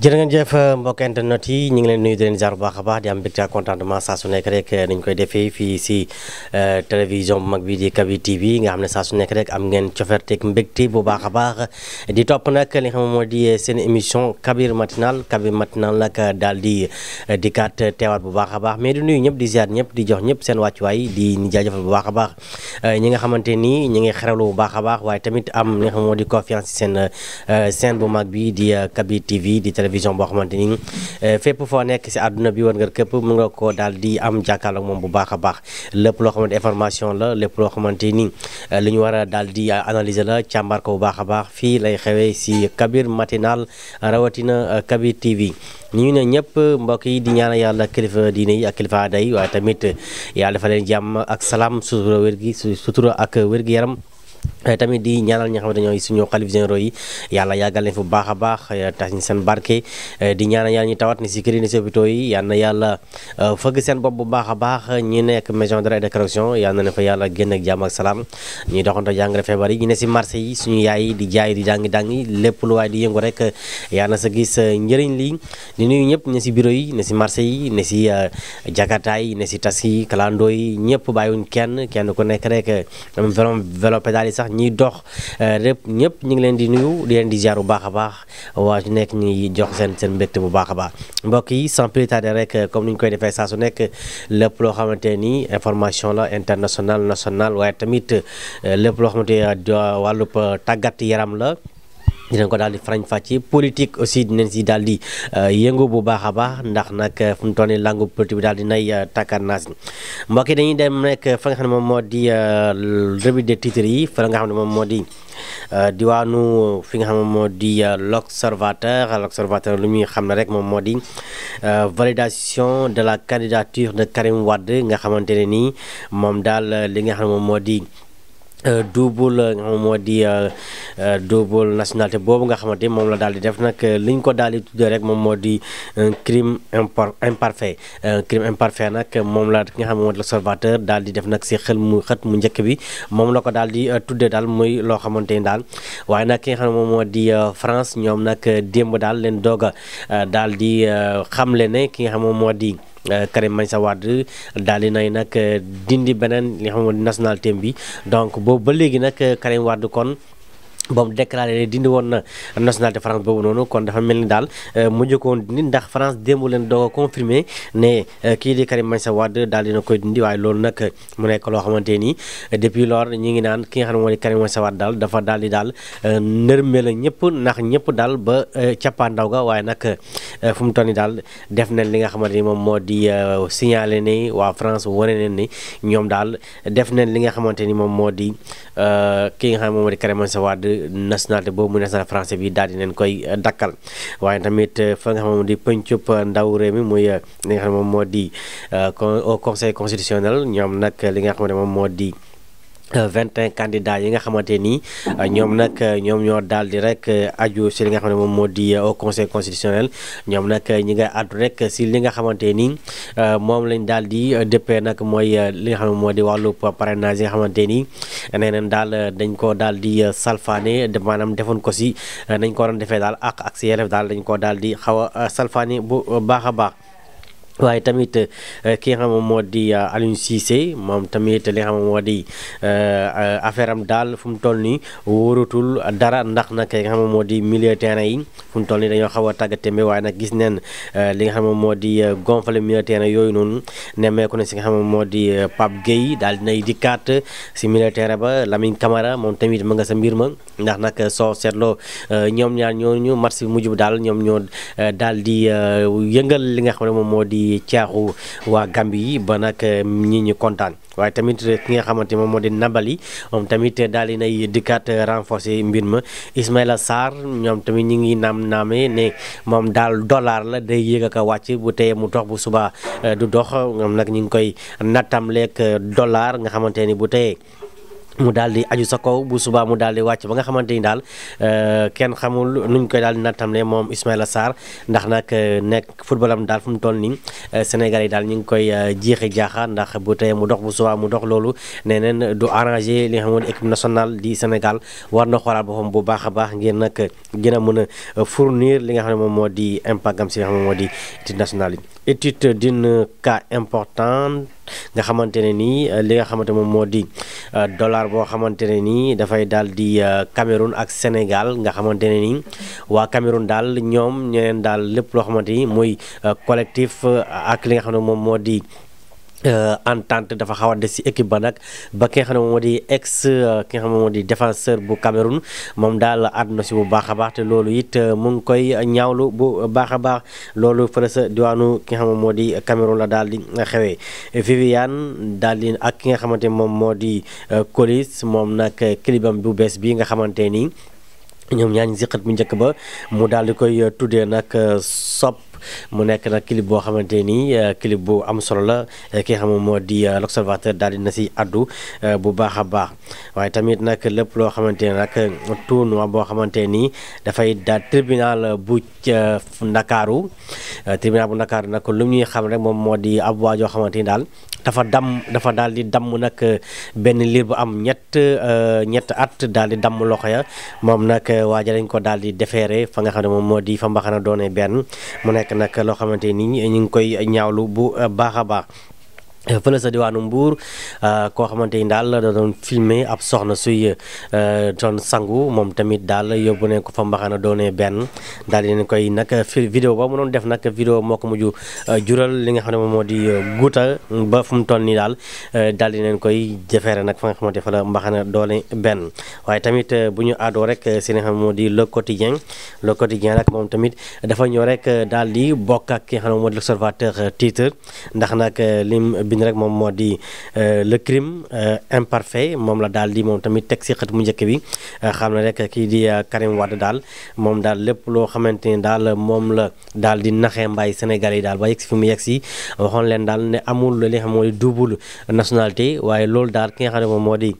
jër ngeen jëf mbokk internet yi ñu ngi leen nuyu di leen jaar baax a baax di am mbégte ak contentement saa su nekk eh, koy defee fii si eh, télévision bu mag bi di Kabi TV nga xam ne saa su nekk rek am ngeen coferteeg mbégte bu baax a baax di topp nag li nga xam moo di eh, seen émission Kabir matinal Kabir matinal nag daal di kaat teewaat bu baax a baax mais di nuyu ñëpp di ziar ñëpp di jox ñëpp seen wàccuwaay di ñu jaajëfal bu baax a baax ñi nga xamante ni ñu ngi xerawlu bu baax a baax waaye tamit am li nga xam moo di confiance seen seen bu mag bi di Kabi télévision boo xamante ni eh, fépp foo nekk si adduna bi war nga képp mën nga ko daal di am jàkkaarloog moom bu baax a baax lépp la xamante information la lépp loo xamante ni eh, li ñu war a daal di eh, analyser la càmbar ko bu baax a baax fii lay xewee si Kabir matinal rawatina Kabir TV ñu ne ñëpp mbokk yi di ñaanal yàlla kilifa diine yi ak kilifa aada yi waaye tamit yàlla dafa leen jàmm ak salaam sutura wér ak wér gi yaram Eh, tamit di ñaanal ñi nga xamante ñooy suñu xalif généraux yi yàlla yàggal leen fu baax a baax eh, tax ñu seen barke eh, di ñaanal yàlla tawat si kër yi ni si hôpitaux yi yal na bu baax a baax ñi nekk maison d'arrêt et de correction yal na ne fa yàlla génn ak jàmm ak salaam ñuy yi ñu ne si marché yi suñu yaay yi di jaay di jàngi jàngi lépp lu waay di yëngu rek yal na sa gis njëriñ li di nuyu ñëpp ne si bureau yi ne si marché yi ne si jakartaay ne si tas yi kalandoo yi ñëpp bàyyiwuñ kenn kenn ku nekk rek vélo pédale yi sax ñiy dox lépp euh, ñëpp ñu ngi leen di nuyu di leen di ziar bu baax a baax waa ñu nekk ñi jox seen seen mbégte bu baax a baax mbokk yi sans rek euh, comme ni ñu koy defee saa su nekk lépp loo xamante nii information la internationale nationale waaye tamit euh, lépp loo xamante wàllub tàggat yaram la dinañ ko daal di farañ fàcce politique aussi dinañ si daal di euh, yëngu bu baax a baax ndax nag euh, fu mu toll nii langue politique bi daal di nay euh, tàkkaar naas mbokk yi dañuy dem rek xam ne moom moo di revue des titres yi fa nga xam ne moom moo di diwaanu fi nga xam ne moo di l'observateur l'observateur lu muy xam ne rek moom moo di validation de la candidature de Karim wadd nga xamante ne nii moom daal li nga xam ne moom moo di. Euh, double moo di euh, euh, double nationalité boobu nga xamante moom la daal di def nag li ko daal di tuddee rek moom moo di un crime impar imparfait crime imparfait nag moom la ki nga xam ne moo di l'observateur daal di def nag si mu xët mu njëkk bi moom la ko daal di tuddee daal muy loo xamante ni daal waaye nag ki nga moom moo di France ñoom nag démb daal leen doog a daal di xamle ne ki nga xam moom moo di. Euh, Karim Meïssa Wade daal di nay nag euh, dindi beneen li nga xam ne nationalité bi donc boobu ba léegi nag euh, Karim Wade kon. ba mu déclaré dindi woon na nationalité France boobu noonu kon dafa mel ni daal euh, mujj ko woon dindi ndax France démb leen doo a confirmé ne euh, kii di Karim Meïssa Wade daal dina koy dindi loolu nag mu nekk loo xamante ni depuis lors ñu ngi naan ki nga xam ne moo di daal dafa daal di daal euh, nërmee la ñëpp ndax ñëpp daal ba cappaandaw ga waaye nag fu mu toll nii daal def nañ li nga xamante ni moom moo di signalé ne waa France wane nañ ni ñoom daal def nañ li nga xamante ni moom moo di ki nga xam ne moom moo di nationalité boobu mu muy nationalité français bi daal di leen koy dakkal waaye tamit euh, fa nga xam di pëncub euh, ndaw réew mi muy euh, li nga xam moom moo di au conseil constitutionnel ñoom nag li nga xam ne moom moo di Euh, vingt et un candidats yi nga xamante ni euh, ñoom nag euh, ñoom ñoo daal di rek aju si li nga xam ne moom moo di au conseil constitutionnel ñoom nag ñi nga àddu rek si li nga xamante ni moom lañ daal di dëppee nag mooy li nga xam ne moo di wàllu parrainage yi nga xamante nii nee nañ daal dañ ko daal di salfaane maanaam defoon ko si nañ ko waroon defee daal ak ak si yelef daal dañ ko daal di xaw a salfaane bu baax a baax waaye tamit eh, ki nga xam moo di eh, Aliou Cissé moom tamit li nga xam moo di eh, affaire am daal fu mu toll nii wóorutul dara ndax nag li nga moo di milieu terrain yi fu mu toll nii dañoo xaw a tàggatémbe waaye nag gis neen li nga xam moom moo di gonfale milieu terrain yooyu noonu nemmeeku na si nga xam moo di Pape Gueye daal dinay dikkaat si milieu terrain ba Lamine kamara moom tamit ma nga sa mbir ma ndax nag soo seetloo ñoom ñaar ñooñu match bi mujj daal ñoom ñoo daal di yëngal li nga xam ne moom moo di. ci caaxu waa Gambie yi ba nag eh, ñi ñu kontaan waaye tamit eh, ki nga xamante moom moo di Nabali moom tamit eh, dal di nay dikkaat renforcer mbir ma Ismaila Sarr ñoom tamit ñi ngi naam naame ne moom daal dollar la day yéeg ak a wàcc bu teye mu dox bu subaa du dox ñoom nag ñi ngi koy nattam leeg dollar nga xamante ni bu teyee mu daal di aju sa kaw bu subaa mu daal wàcc ba nga xamante ni daal euh, kenn xamul nuñ koy daal di nattamle moom Ismaïla Sarr ndax nag euh, nekk footballam daal fu mu toll nii euh, Sénégal yi daal ñu ngi koy jeexi jaaxa ndax bu tey mu dox bu subaa mu dox loolu nee neen du arrangé li nga xam ne équipe di Sénégal war na xoolaat boppam bu baax a baax ngir nag gën a mën a fournir li nga xam ne moom moo di impact am si nga xam ne moo di étude nationale yi étude d'une cas importante nga xamante ne nii euh, li nga xamante moom moo di euh, dollar boo xamante ne nii dafay daal di euh, Cameroun ak Sénégal nga xamante ne nii waa Cameroun daal ñoom ñeen daal lépp loo xamante ni mooy collectif ak li nga xam ne moom moo di Euh, entente dafa xaw a des si équipe ba nag ba ki nga xam ne moom moo di ex euh, ki bu Cameroun moom daal àdduna bu baax a baax loolu it euh, mu ngi koy ñaawlu bu baax a baax loolu fële diwaanu ki di Cameroun daal di xewee Viviane daal di ak ki nga xamante moom moo di Colis moom nag kilibam bu bees bi nga xamante ni ñoom ñaañ si xët bu njëkk ba mu daal di koy tuddee nag sob mu nekk nag kilib boo xamante nii euh, clip bu am solo la euh, ki nga moo di euh, l'observateur daal na si addu bu baax a baax waaye tamit nag lépp loo xamante ni nag tournoi boo xamante nii dafay daal tribunal bu Ndakaaru tribunal bu Ndakaaru nag lu ñuy xam rek moom moo di ab waajoo xamante ni daal dafa damm dafa daal di damm nag euh, benn liir bu am ñett euh, ñett at daal di damm loxo ya moom nag euh, waaja dañ ko daal di defeere fa nga xam ne moom moo di fa mbaxana doone benn mu nekk nag loo xamante ni ñu ngi koy ñaawlu bu baax a baax Euh, fële sa diwaanu Mbour euh, koo xamante ni daal da doon filmer ab soxna suy euh, doon sangu moom tamit daal yóbbu ne ko fa mbaxana doonee benn daal di koy nag fi vidéo ba mu doon def nag vidéo moo ko mujj jural li nga xam ne moom moo di guuta ba mu toll nii daal daal di leen koy jëfeere nag fa nga xamante fa la mbaxana doone benn waaye tamit bu ñu adoo rek si nga xam ne moo di le quotidien le quotidien rek moom tamit dafa ñëw rek daal di bokk ak ki nga xam ne moo di l'observateur titre ndax nag bind rek moom moo di euh, le crime euh, imparfait moom la daal di moom tamit teg si xët mu njëkk bi euh, xam ne rek kii di Karim Wade daal moom daal lépp loo xamante ni daal moom la daal di naxee mbaay Sénégal yi daal ba yegg fi mu yegg si waxoon leen daal ne amul li nga xam mooy double nationalité waaye loolu daal ki nga xam ne moom moo di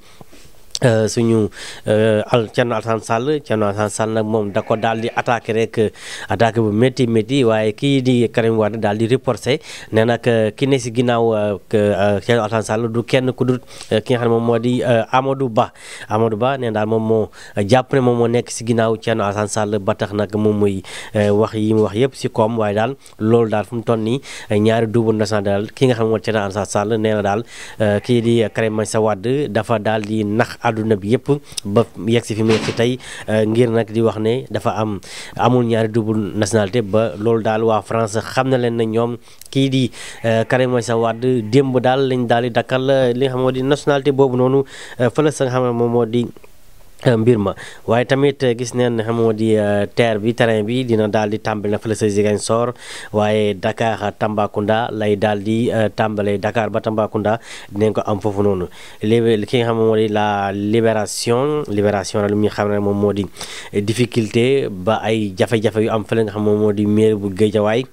Euh, suñu euh, al Thierno Alassane Sall Sall nag moom da ko daal di attaqué rek attaque bu métti métti waaye kii di Karim Wade daal di reporté ne nag euh, ki ne si ginnaaw Thierno Alassane Sall du kenn ku dul ki moom moo di Amadou Ba Amadou Ba nee daal moom moo jàpp moom moo nekk si ginnaaw Thierno Alassane Sall ba tax nag moom mooy wax yi mu wax yëpp si koom waaye daal loolu daal fu mu toll nii ñaari double national daal ki nga xam ne moo Thierno Alassane Sall nee na daal kii di Karim Meïssa Wade dafa daal di nax. àdduna bi yëpp ba yegg si fi mu yegg tey euh, ngir nag di wax ne dafa am amul ñaari double nationalité ba loolu daal waa France xam na leen na ñoom kii di euh, Karim Meïssa Wade démb daal lañ daal di dakkal euh, li nga xam moo di nationalité boobu noonu fële sa nga xam ne moo di Ah, mbir ma waaye tamit eh, gis neen xam moo di eh, terre bi terrain bi dina daal di tàmbali na fële sa Ziguinchor waaye Dakar Tambacounda lay daal di eh, tàmbalee dakaar ba Tambacounda dinañ ko am foofu noonu li ki nga xam di la libération libération la lu muy xam ne moom moo di difficulté ba ay jafe-jafe yu am fële nga xam moom moo di mairie bu Guédiawaye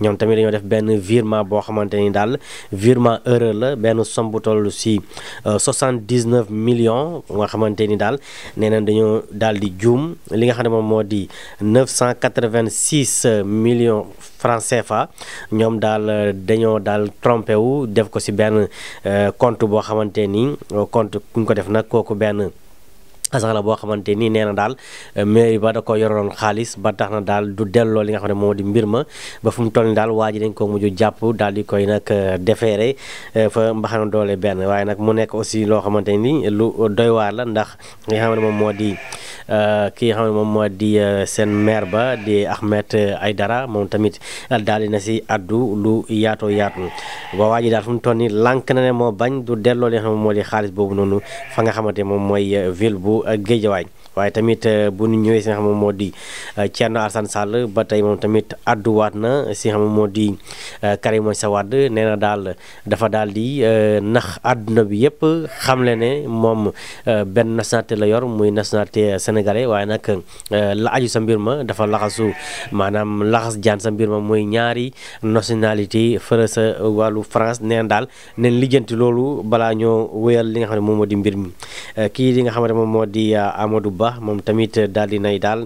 ñoom tamit dañoo def benn virement boo xamante ni daal virement erreur la benn somme bu toll si 79 millions nga xamante ni daal nee na dañoo daal di juum li nga xam ne moom moo di cent 986 million francs fa ñoom daal dañoo daal trompé wu def ko ci benn euh, compte boo xamante ni compte kuñ ko def nag kooku benn. sax la boo xamante ni nee na daal euh, mairie ba da ko yoroon xaalis ba tax na daal du delloo li nga xam ne moo di mbir ma ba fu mu toll daal waa ji ko mujj daal di koy nag euh, defeere euh, fa mbaxana doole benn waaye nag mu nekk aussi loo xamante ni lu doy waar la ndax li nga xam ne moo di ki nga moom moo di seen maire ba di Ahmed Aidara moom tamit daal na si addu lu yaatoo yaatu ba waa ji daal fu mu moom mooy ville bu ak Géejawaay waaye tamit eh, bu ñu ñëwee si nga xam moom moo di eh, Thierno Alassane Sall ba tey moom tamit àdduwaat na si nga xam moo di eh, Karim Meïssa Wade nee na daal dafa daal di nax àdduna bi yëpp xamle ne moom benn nationalité la yor muy nationalité sénégalais waaye nag la aju sa mbir ma dafa laxasu maanaam laxas jaan sa mbir ma muy ñaari nationalité fële sa wàllu France nee daal neen lijjanti loolu balaa ñoo wéyal li nga xam ne moom moo di mbir mi kii li nga xamante moom baax moom tamit daal di nay daal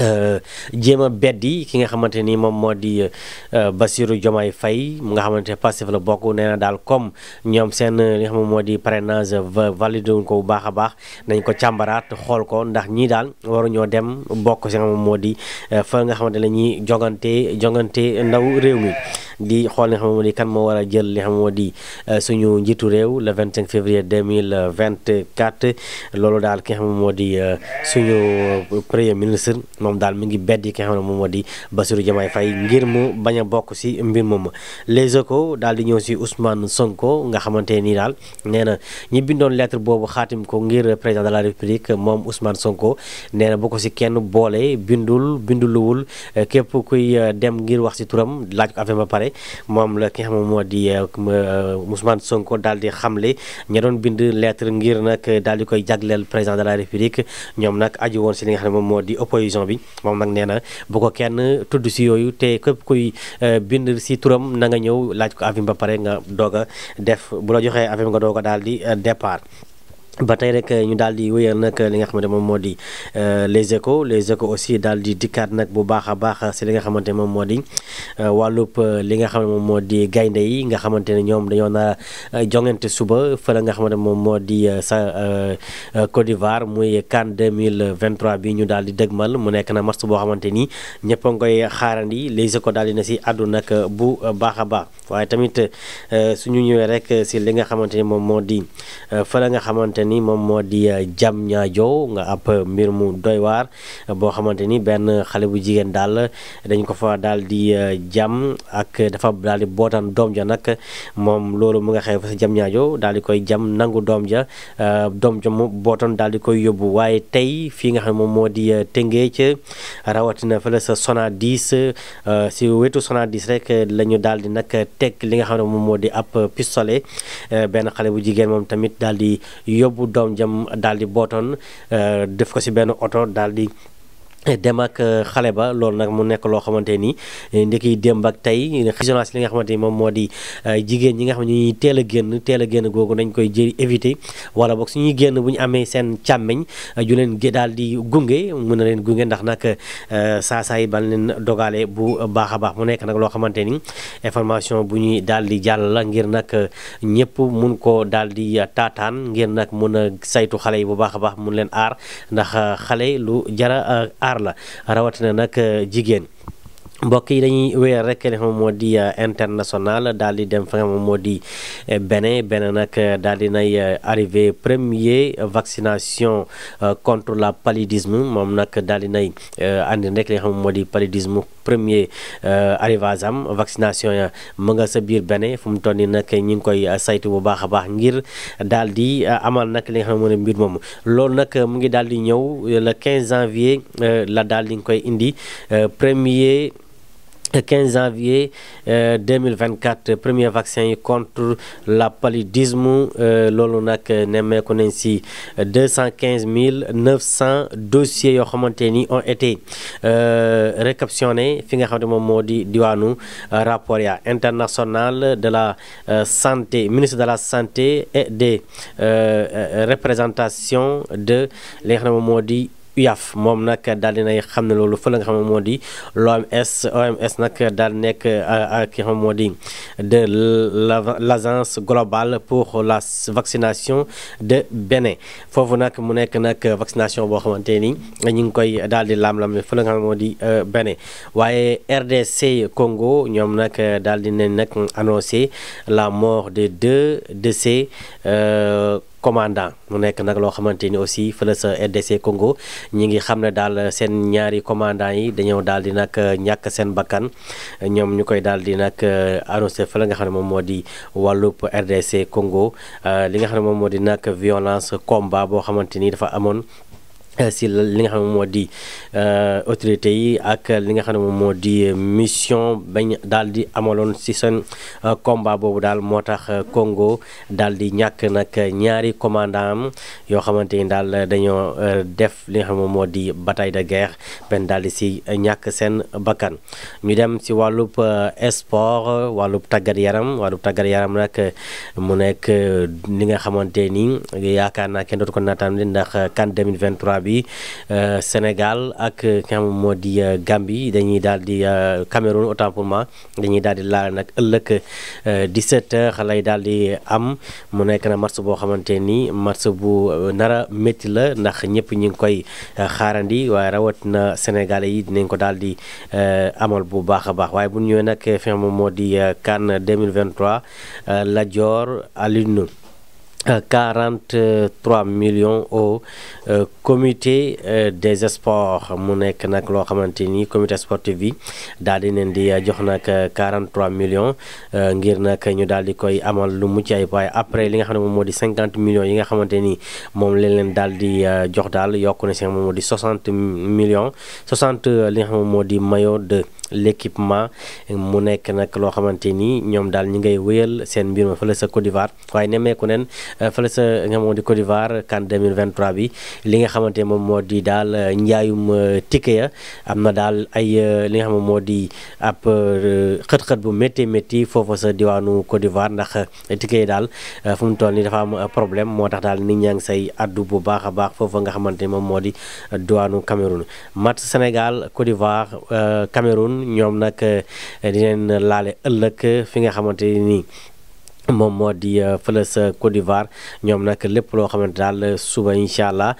Euh, jéem a beddi ki nga xamante ni moom moo di euh, Bassirou Diomaye Faye mu nga xamante ne Pastef la bokk nee na daal comme ñoom seen li nga xam moo di parrainage validé wuñ ko bu baax a baax nañ ko càmbaraat xool ko ndax ñii daal waruñoo dem bokk si nga moo di euh, fa nga xamante ne ñuy jongante jongante ndaw réew mi di xool li nga xam moo di kan moo war a jël li nga xam moo di suñu njiitu réew le 25 février loolu daal ki nga xam moo di suñu premier ministre. moom daal mu ngi bedd ki nga xam ne moom moo di Bassirou Diomaye Faye ngir mu bañ a bokk si mbir moom Les Échos daal di ñëw si Ousmane Sonko nga xamante nii daal nee na ñi bindoon lettre boobu xaatim ko ngir président de la République moom Ousmane Sonko nee na bu ko si kenn boole bindul binduluwul eh, képp kuy eh, dem ngir wax si turam laaj ko affaire ba moom la ki nga xam di eh, Ousmane Sonko daal di xamle ña doon bind lettre ngir nag daal di koy jagleel président de la République ñoom nag aju woon si li nga xam ne moom moo di opposition bi moom nag nee na bu ko kenn tudd si yooyu tey képp kuy eh, bind si turam na nga ñëw laaj ko avis ba pare nga doog a def bu la joxee avis nga doog a daal di eh, départ. ba tey rek euh, ñu daal di wéyal nag euh, li nga xamante moom moo di euh, les échos les échos aussi daal di dikkaat nag bu baax a baax si li nga xamante moom moo di wàllub li nga xam ne moom moo di gaynde yi nga xamante ne ñoom dañoo nar a jongante suba fële nga xamante moom moo di sa Côte d'Ivoire muy CAN 2023 bi ñu daal di dëgmal mu nekk na match boo xamante ni ñëpp a ngi koy xaarandi les échos daal na si àddu nag bu baax a baax waaye tamit su ñu ñëwee rek si li nga xamante ni moom moo di fële nga xamante xamante moom moo di euh, jam ñaajoo nga ab euh, mbir mu doy waar boo xamante ni benn xale bu jigéen daal dañ ko fa daal di euh, jam ak dafa daal di bootaan doom ja nag moom loolu mu nga xew fa daal di koy jam nangu doom ja doom ja mu daal di koy yóbbu waaye tey fii nga xam ne moom moo di Tëngéej rawatina fële sa Sonadis si wetu Sonadis rek la ñu daal di nag teg li nga xam ne moom moo di ab pistolet benn xale bu jigéen moom tamit daal di bu doom jëm daal di bootoon euh, def ko si benn oto daal di dem ak euh, xale ba loolu nag mu nekk loo xamante ni euh, ndiki démb ak tey xisonance li nga xamante ni moom moo di euh, jigéen ñi nga xam ne ñuy teel a génn teel a génn googu nañ koy jëri évité wala boog suñuy génn bu ñu amee seen càmmeñ ju leen daal di gunge mën na leen gunge ndax nag saa saa yi ban leen dogaale bu baax a baax mu nekk nag loo xamante ni information bu ñuy daal di jàll la ngir nag ñëpp mun ko daal di taataan ngir nag mun a saytu xale yi bu baax a baax mun leen aar ndax aar la rawatina nag euh, jigéen. mbokk yi dañuy wéyal rek li xam moo di euh, international daal di dem fa nga xam moo di euh, Bénin Bénin nag daal di nay arrivé premier vaccination contre la paludisme moom nag daal di nay andi rek li xam moo di paludisme premier euh, arrivage am vaccination ya mu nga sa biir bene fu mu toll nii nag ñi ngi koy euh, saytu bu baax a baax ngir daal di euh, amal nag li nga xam ne mbir moomu loolu nag mu ngi daal di ñëw le 15 janvier la daal di nga koy indi premier. 15 janvier euh, 2024 premier vaccin yi contre la paludisme euh, loolu nag nemmeeku nañ si 215 900 dossiers yoo xamante ni ont été euh, réceptionnés fi nga xam ne moom moo di diwaanu rapport ya international de la euh, santé ministre de la santé et des euh, euh, représentations de li nga xam ne moom moo di UYAF moom nag daal di nay xam ne loolu fële nga xam ne moo di l'OMS OMS nag daal nekk euh, ki nga xam moo di de l'agence globale pour la vaccination de Bénin foofu nag mu nekk nag vaccination boo xamante ni ñu ngi koy daal di laam-laam fële nga xam ne moo di euh, Bénin waaye RDC Congo ñoom nag daal di ne nag annoncé la mort de deux décès. Euh, commandant mu nekk nag loo xamante ni aussi fële sa RDC Congo ñi ngi xam ne daal seen ñaari commandant yi dañoo daal di nag euh, ñàkk seen bakkan ñoom ñu koy daal di nag euh, annoncé fële nga xam ne moom moo di wàllub RDC Congo euh, li nga xam ne moom moo di nag violence combat boo xamante ni dafa amoon Euh, si li nga xam moo di euh, autorité yi ak li nga xam ne moom moo di euh, mission bañ daal di amaloon si seen combat boobu daal moo tax kongo daal di ñàkk nag ñaari commandant yoo xamante ni daal dañoo def li nga xam moom moo di bataille de guerre benn daal di si ñàkk seen bakkan ñu dem si wàllub sport wàllub tàggat yaram wàllub tàggat yaram nag mu nekk li nga xamante ni yaakaar naa kenn dootu ko naataan ndax CAN 2023 bi euh, Sénégal ak euh, ki nga xam moo di euh, dañuy daal di Cameroun autant pour dañuy daal di laal nag ëllëg 17h lay daal di am mu nekk na match boo xamante ni match bu nara métti la ndax ñëpp ñu ngi koy xaarandi waaye rawatina Sénégalais yi dinañ ko daal di amal bu baax a baax waaye bu ñëwee nag fi nga xam moo di CAN 2023 Lat Dior Alioune 43 euh, millions au euh, comité euh, des sports mu nekk nag loo xamante nii comité sportif bi daal di leen di jox nag 43 millions ngir nag ñu daal di koy amal lu mucc ay waaye après li nga xam ne moom moo di 50 millions yi nga xamante ni moom leen leen daal di jox daal yokku na si moom di 60 millions 60 li nga xam ne moom moo di mayo de l'équipement mu nekk nag loo xamante nii ñoom daal ñi ngay wéyal seen mbir ma fële sa Côte d'Ivoire waaye nemmeeku neen euh, fële sa nga moo di Côte d'Ivoire CAN 2023 bi li nga xamante ne moom moo di daal euh, njaayum euh, ticket ya am na daal ay li nga moom moo di ab xët-xët bu métti métti foofu sa diwaanu Côte d'Ivoire ndax ticket yi daal fu mu toll nii dafa am problème moo tax daal nit ñaa say addu bu baax a baax foofu nga xamante ni moom moo di diwaanu Cameroun match Sénégal Côte d'Ivoire Cameroun ñoom nag eh, dina laale ëllëg eh, fi nga xamante nii moom moo di eh, fële sa Côte d'Ivoire ñoom nag lépp loo xamante daal suba incha allah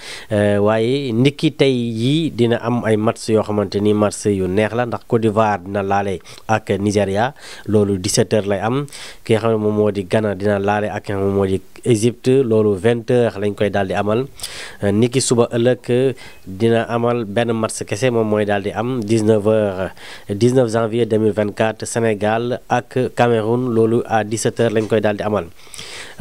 waaye ndiki tey yii dina am ay match yoo xamante ni match yu neex la ndax Côte d'Ivoire dina laale ak Nigéria loolu 17h lay am ki nga xam moom moo di Ghana dina laale ak moom moo di. Égypte loolu 20 heures lañ koy daal di amal euh, ni ki suba ëllëg euh, dina amal benn match kese moom mooy daal di am 19 heures 19 janvier 2024 Sénégal ak Cameroun loolu à 17 lañ koy daal di amal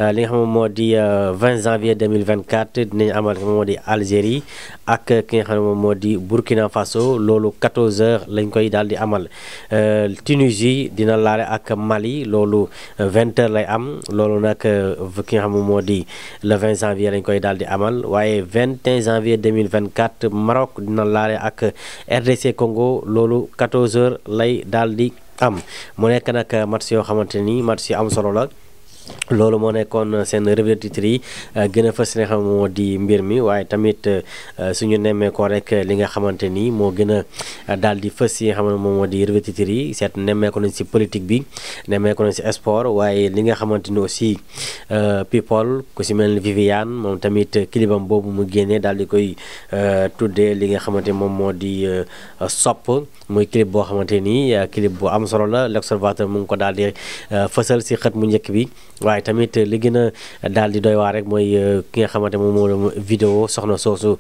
euh, li nga xam moo di 20 janvier 2024 dinañ amal moo di Algérie ak ki nga xam ne moom moo di Burkina Faso loolu 14 heures lañ koy daal di amal Tunisie dina laale ak Mali loolu 20 lay am loolu nag ki nga xam xam moo di le 20 janvier lañ koy daal di amal waaye 21 janvier 2024 Maroc dina laale ak RDC kongo loolu 14 heures lay daal di am mu nekk nag match yoo xamante nii match yu am solo la. loolu moo nekkoon seen revue de titre yi euh, gën a fës li nga xam moo di mbir mi waaye tamit euh, suñu nemmeekoo rek li nga xamante ni moo gën a euh, daal di fës yi moom moo di yi seet nemmeeku nañ si politique bi nemmeeku nañ si sport waaye li nga xamante ni aussi people ku si mel ni Viviane moom tamit kilibam boobu mu génnee daal di koy tuddee li nga xamante moom moo di sopp muy clip boo xamante ni clip bu am solo la l'observateur mu ngi ko daal di fësal si xët mu njëkk bi waaye tamit eh, li gën daal di doy waa rek mooy eh, ki nga xamante moom moo doon vidéo soxna soosu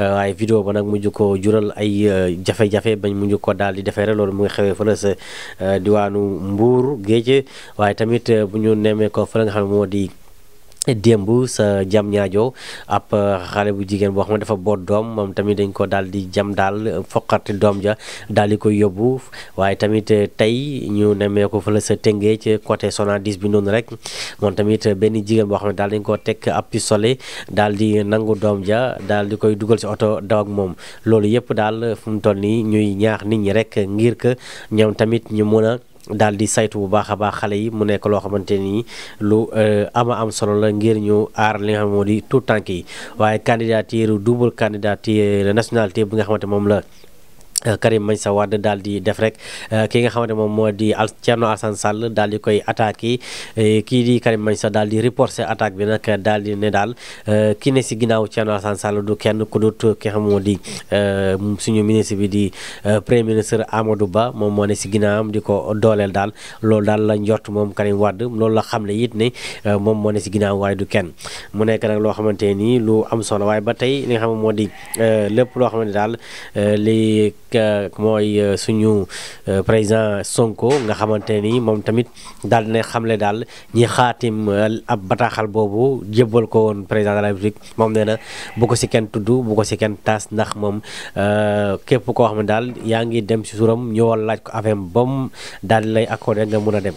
eh, waaye vidéo ba nag mujj ko jural ay jafe-jafe bañ mujj ko daal di defee rek loolu mu ngi xewee fële sa diwaanu Mbuur Géej waaye tamit bu ñu nemmee ko fële nga xam ne moo di démb sa jam ñaajo ab euh, xale bu jigéen boo xam ne dafa boot doom moom tamit dañ ko daal di jam daal foqati doom ja daal di koy yóbbu waaye tamit euh, tey ñu nemmee ko fële sa tëngee ci côté Sonadis bi noonu rek moom tamit euh, benn jigéen boo xam ne daal dañ ko teg ab pistolet daal di nangu doom ja daal di koy dugal si oto daw ak moom loolu yëpp daal fu mu toll nii ñuy ñaax nit ñi rek ngir que ñoom tamit ñu mën a daal di saytu bu baax a baax xale yi mu nekk loo xamante nii lu euh, ama am solo la ngir ñëw aar li moo di tout tànk yi waaye candidature double candidature nationalité bi nga xamante moom la Euh, Karim Meïssa Wade daal di euh, ki moo di al Thierno Alassane Sall daal di koy attaqué euh, kii bi nag daal di ne daal ki ne si ginnaaw Thierno Alassane Sall du kenn ku ki nga xam moo di suñu ministre bi di premier ministre Amadou Ba moom moo ne si ginnaawam di ko dooleel daal loolu daal la njort moom Karim Wade loolu la xamle it ne moom moo ne si ginnaaw waaye du kenn mu nekk nag loo xamante nii lu am solo waaye ba tey li nga xam moo di lépp loo xamante daal mooy euh, suñu euh, président Sonko nga xamante ni moom tamit daal dina xamle daal ñi xaatim euh, ab bataaxal boobu jébbal ko woon président de la République moom nee na bu ko si kenn tudd bu ko si kenn taas ndax moom képp koo xam ne daal yaa ngi dem si suram ñëwal laaj ko affaire bam daal di lay accordé nga mun a dem.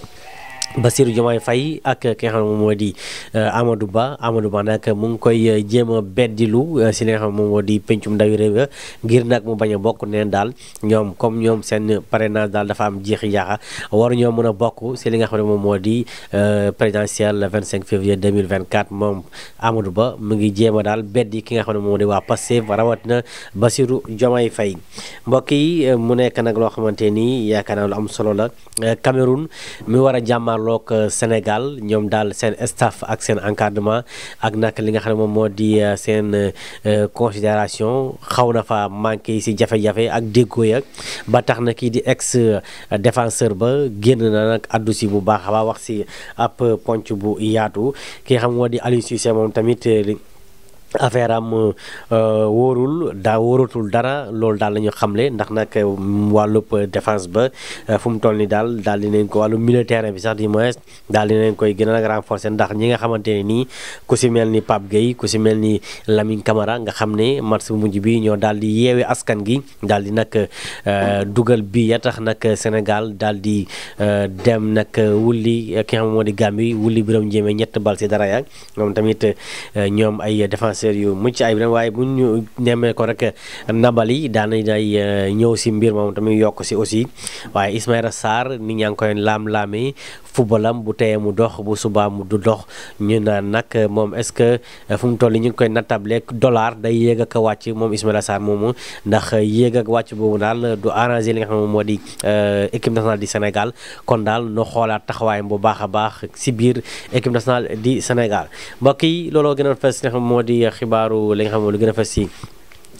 Bassirou Diomaye Faye ak ki nga xam ne moo di euh, Amadou Ba Amadou Ba nag mu ngi koy euh, jéem a beddilu euh, si li nga xam ne di pencum ndawi réew ngir nag mu bañ a bokk neen daal ñoom comme ñoom seen parrainage daal dafa am jeexi jaaxa waru ñoo mën a bokk si li nga xam ne moom moo di présidentielle le 25 février 2024 moom Amadou Ba mu ngi jéem a daal beddi ki ne moo di waa Pastef rawatina Bassirou Diomaye Faye mbokk yi mu nekk nag loo xamante ni yaakaar naa lu am solo la Cameroun mi war a jàmmaar jàkkaarloog euh, Sénégal ñoom daal seen staff ak seen encadrement ak nag li nga xam ne moom moo di euh, seen euh, considération xaw na fa manqué yi si jafe-jafe ak déggoo ya ba tax na kii di ex defenseur ba génn na nag addu si bu baax a baax wax si ab ponc bu yaatu ki nga xam moo di Aliou moom tamit. affaire am euh, wóorul daa wóoratul dara loolu daal la xamle ndax nag mm, wàllu euh, défense ba euh, fu mu toll nii daal daal di nañ wàllu militaire bi sax du moins daal di koy gën a nag renforcer ndax ñi nga xamante ne nii ku si mel ni Pape Gueye ku si mel ni Lamine Camara nga xam ne match bu mujj bi ñoo daal di yeewee askan gi daal di nag dugal bi ya tax nag Sénégal daal di dem nag wulli ki nga xam moo di Gambie wulli Birame Ndiémé ñett bal dara ya moom tamit ñoom ay défense adversaire yu mucc ayib la waaye bu ñu nemmee ko rek Nabaly daanay day eh, ñëw si mbir moom tamit yokk si aussi waaye Ismaïla Sarr nit ñaa ngi koy laam-laamee footballam bu teyee mu dox bu subaa mu du dox ñu naan nag moom est-ce que eh, fu mu toll ñu ngi koy nattable dollar day yéeg ak wàcc moom Ismaïla Sarr moomu ndax yéeg ak wàcc boobu daal du arrangé li nga xam ne moo di eh, équipe nationale du Sénégal kon daal no xoolaat taxawaayam bu baax a baax si biir équipe nationale du Sénégal mbokk looloo gënoon fees xibaaru li nga xam ne lu gën a fas si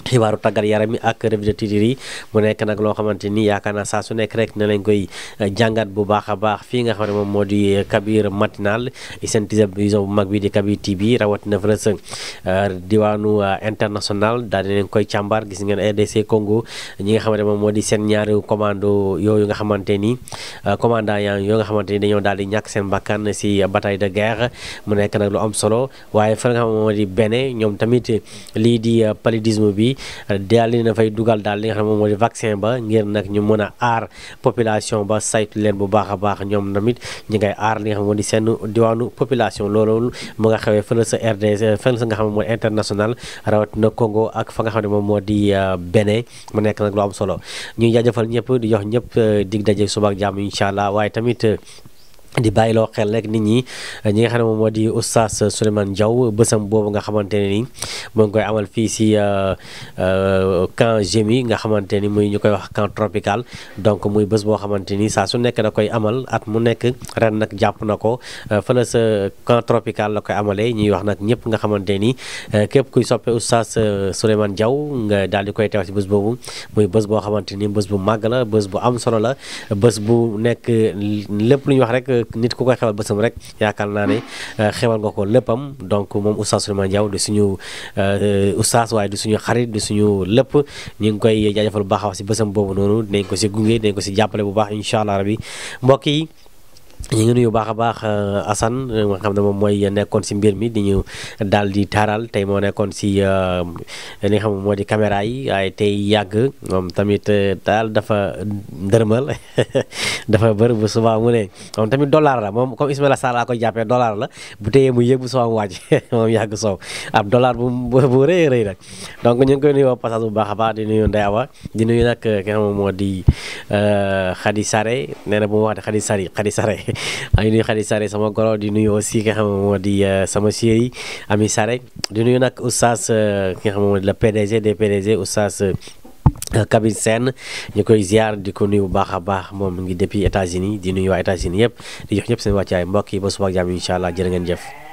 xibaaru tàggat yaram yi ak revue de titre yi mu nekk nag loo xamante ni yaakaar naa saa su nekk rek ne lañ koy eh, jàngat bu baax a baax fii nga xam ne moom moo di eh, Kabir matinal seen télévision bu mag bi di Kabir TV rawatina fële eh, di leen koy càmbar gis ngeen RDC Congo xam ne moom moo di seen ñaari commando yooyu nga xamante ni commandant yaa yoo nga xamante ni dañoo daal di ñàkk seen bakkan si bataille de guerre mu nekk nag lu am solo waaye fële nga xam ne moo di Bénin ñoom tamit lii di paludisme bi. bi daal di na fay dugal daal li nga xam ne moom moo di vaccin ba ngir nag ñu mën a aar population ba saytu leen bu baax a baax ñoom tamit ñu ngay aar li nga xam moo di seen diwaanu population loolu mu nga xewee fële sa RDC fële sa nga xam ne mooy international rawatina Congo ak fa nga xam ne moom moo di euh, Bénin mu nekk nag lu am solo ñuy jaajëfal ñëpp di jox ñëpp euh, dig daje suba ak jàmm allah waaye tamit di bàyyiloo xel rek nit ñi ñi nga xam ne moom moo di oustaz Souleymane Diaw bësam boobu nga xamante ne ni moo ngi koy amal fii si euh, euh, camp Gémi nga xamante ni muy ñu koy wax camp tropical donc muy bés boo xamante ni saa su nekk da koy amal at mu nekk ren nag jàpp na ko euh, fële sa camp tropical la koy amalee ñuy wax nag ñëpp nga xamante ni képp kuy soppe oustaz Souleymane Diaw nga daal di koy teew si bës boobu muy bés boo xamante ni bés bu màgg la bés bu am solo la bés bu nekk lépp lu wax rek nit ku koy xewal bësam rek yaakaar naa ne euh, xewal nga ko léppam donc moom oustaz ma Diaw di suñu euh, oustaz waaye di suñu xarit di suñu lépp ñu ngi koy jaajëfal bu baax si bësam boobu noonu dinañ ko si gunge dinañ ko si jàppale bu baax incha allah rabi mbokk yi ñu ngi nuyu baax a baax euh, Assane euh, nga xam moom mooy nekkoon si mbir mi di ñu daal di taaral tey moo nekkoon si euh, li nga xam moo di caméra yi waaye tey yàgg moom tamit daal dafa ndërmal dafa bu subaa mu ne moom tamit dollar la moom comme Ismaila Sarr laa koy jàppee dollar la bu téyee mu yëg bu subaa mu wàcc moom yàgg soow ab dollar bu bu rëy rëy nag donc ñu ngi koy nuyu passage bu baax a baax di nuyu Ndeye Awa di nuyu nag ki moo di Khady Sare nee na bu ma wax de Khady Sare maa ngi nuyu Khady Saré sama goro di nuyu aussi ki xam ne moo di euh, sama chéri Ami Saré di nuyu nag oustaz euh, ki nga xam ne moo di la PDG des PDG oustaz euh, Kabir Sène ñu koy ziar di ko nuyu bu baax a baax moom mu ngi depuis États-Unis di nuyu waa États-Unis yëpp di jox ñëpp seen wàccaay mbokk yi ba suba ak jàmm allah jël ngeen jëf.